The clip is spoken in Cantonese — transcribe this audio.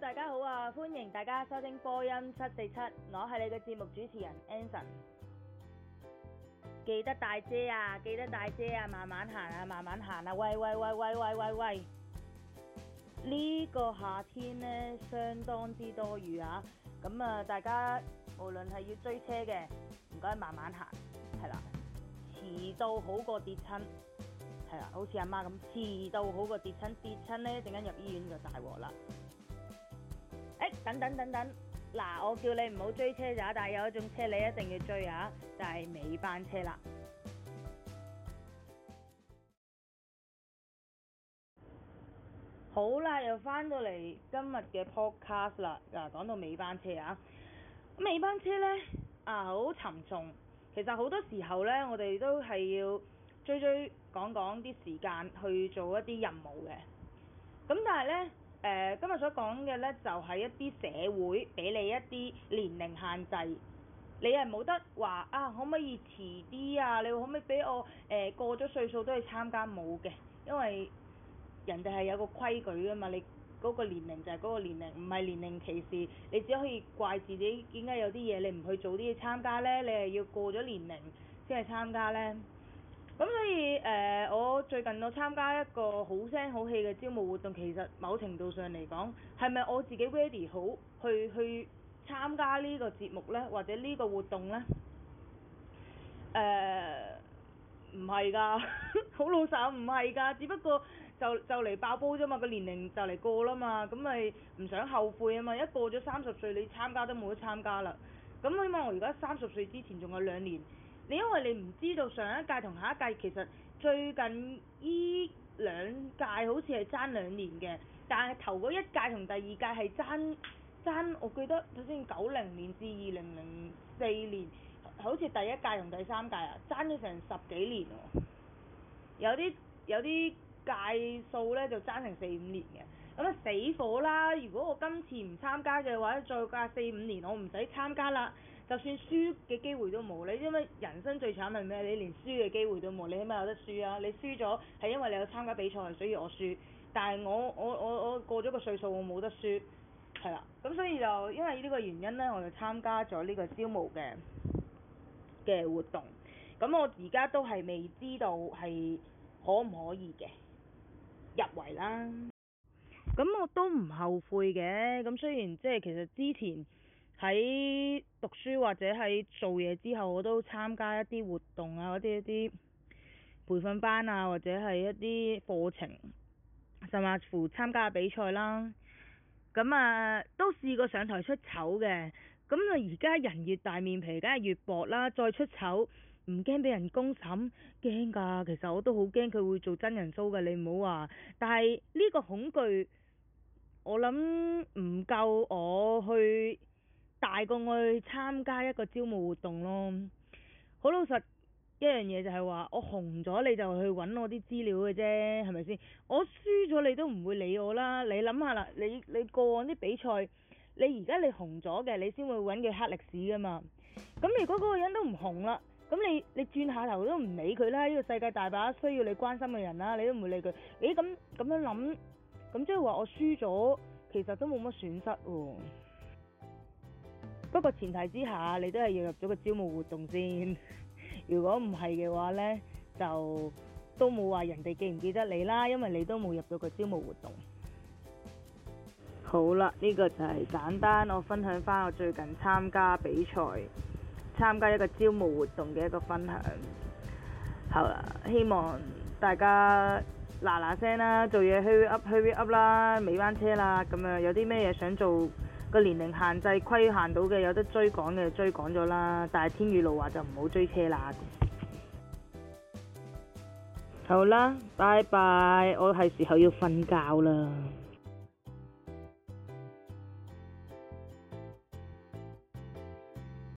大家好啊！歡迎大家收聽波音七四七，我係你嘅節目主持人 Anson。記得帶遮啊！記得帶遮啊！慢慢行啊！慢慢行啊！喂喂喂喂喂喂喂！呢個夏天呢，相當之多雨啊！咁啊，大家無論係要追車嘅，唔該慢慢行係啦。遲到好過跌親係啦，好似阿媽咁，遲到好過跌親，跌親呢，一陣間入醫院就大鑊啦。等等、欸、等等，嗱，我叫你唔好追車咋，但係有一種車你一定要追啊，就係、是、尾班車啦。好啦，又翻到嚟今日嘅 podcast 啦，嗱、啊，講到尾班車啊，尾班車呢，啊好沉重，其實好多時候呢，我哋都係要追追講講啲時間去做一啲任務嘅，咁但係呢。誒、呃、今日所講嘅呢，就係一啲社會俾你一啲年齡限制，你係冇得話啊，可唔可以遲啲啊？你可唔可以俾我誒、呃、過咗歲數都去參加舞嘅？因為人哋係有個規矩㗎嘛，你嗰個年齡就係嗰個年齡，唔係年齡歧視，你只可以怪自己點解有啲嘢你唔去做，啲嘢參加呢？你係要過咗年齡先係參加呢？咁、嗯、所以誒、呃，我最近我參加一個好聲好戲嘅招募活動，其實某程度上嚟講，係咪我自己 ready 好去去參加個呢個節目咧，或者呢個活動咧？誒、呃，唔係，噶 好老實唔係，噶只不過就就嚟爆煲啫嘛，個年齡就嚟過啦嘛，咁咪唔想後悔啊嘛，一過咗三十歲，你參加都冇得參加啦。咁起碼我而家三十歲之前仲有兩年。你因為你唔知道上一屆同下一屆，其實最近依兩屆好似係爭兩年嘅，但係頭嗰一屆同第二屆係爭爭，我記得頭先九零年至二零零四年，好似第一屆同第三屆啊，爭咗成十幾年喎，有啲有啲屆數咧就爭成四五年嘅，咁啊死火啦！如果我今次唔參加嘅話，再隔四五年我唔使參加啦。就算輸嘅機會都冇，你因為人生最慘係咩？你連輸嘅機會都冇，你起碼有得輸啊！你輸咗係因為你有參加比賽，所以我輸。但係我我我我過咗個歲數，我冇得輸，係啦。咁所以就因為呢個原因呢，我就參加咗呢個招募嘅嘅活動。咁我而家都係未知道係可唔可以嘅入圍啦。咁我都唔後悔嘅。咁雖然即係其實之前。喺讀書或者喺做嘢之後，我都參加一啲活動啊，嗰啲一啲培訓班啊，或者係一啲課程，甚至乎參加比賽啦。咁、嗯、啊，都試過上台出醜嘅。咁、嗯、啊，而家人越大，面皮梗係越薄啦。再出醜，唔驚俾人公審，驚㗎。其實我都好驚佢會做真人 show 㗎，你唔好話。但係呢個恐懼，我諗唔夠我去。大個我去參加一個招募活動咯。好老實一樣嘢就係話，我紅咗你就去揾我啲資料嘅啫，係咪先？我輸咗你都唔會理我啦。你諗下啦，你你過往啲比賽，你而家你紅咗嘅，你先會揾佢黑歷史噶嘛。咁如果嗰個人都唔紅啦，咁你你轉下頭都唔理佢啦。呢個世界大把需要你關心嘅人啦，你都唔會理佢。你咁咁樣諗，咁即係話我輸咗，其實都冇乜損失喎。不過前提之下，你都係要入咗個招募活動先。如果唔係嘅話呢，就都冇話人哋記唔記得你啦，因為你都冇入到個招募活動。好啦，呢個就係簡單，我分享翻我最近參加比賽、參加一個招募活動嘅一個分享。好啦，希望大家嗱嗱聲啦，做嘢 hurry up，hurry up 啦，尾班車啦，咁啊，有啲咩嘢想做？個年齡限制規限到嘅，有得追趕嘅就追趕咗啦。但係天雨路滑就唔好追車啦。好啦，拜拜，我係時候要瞓覺啦。